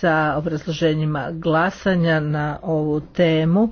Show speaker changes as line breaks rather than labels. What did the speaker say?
sa obrazloženjima glasanja na ovu temu.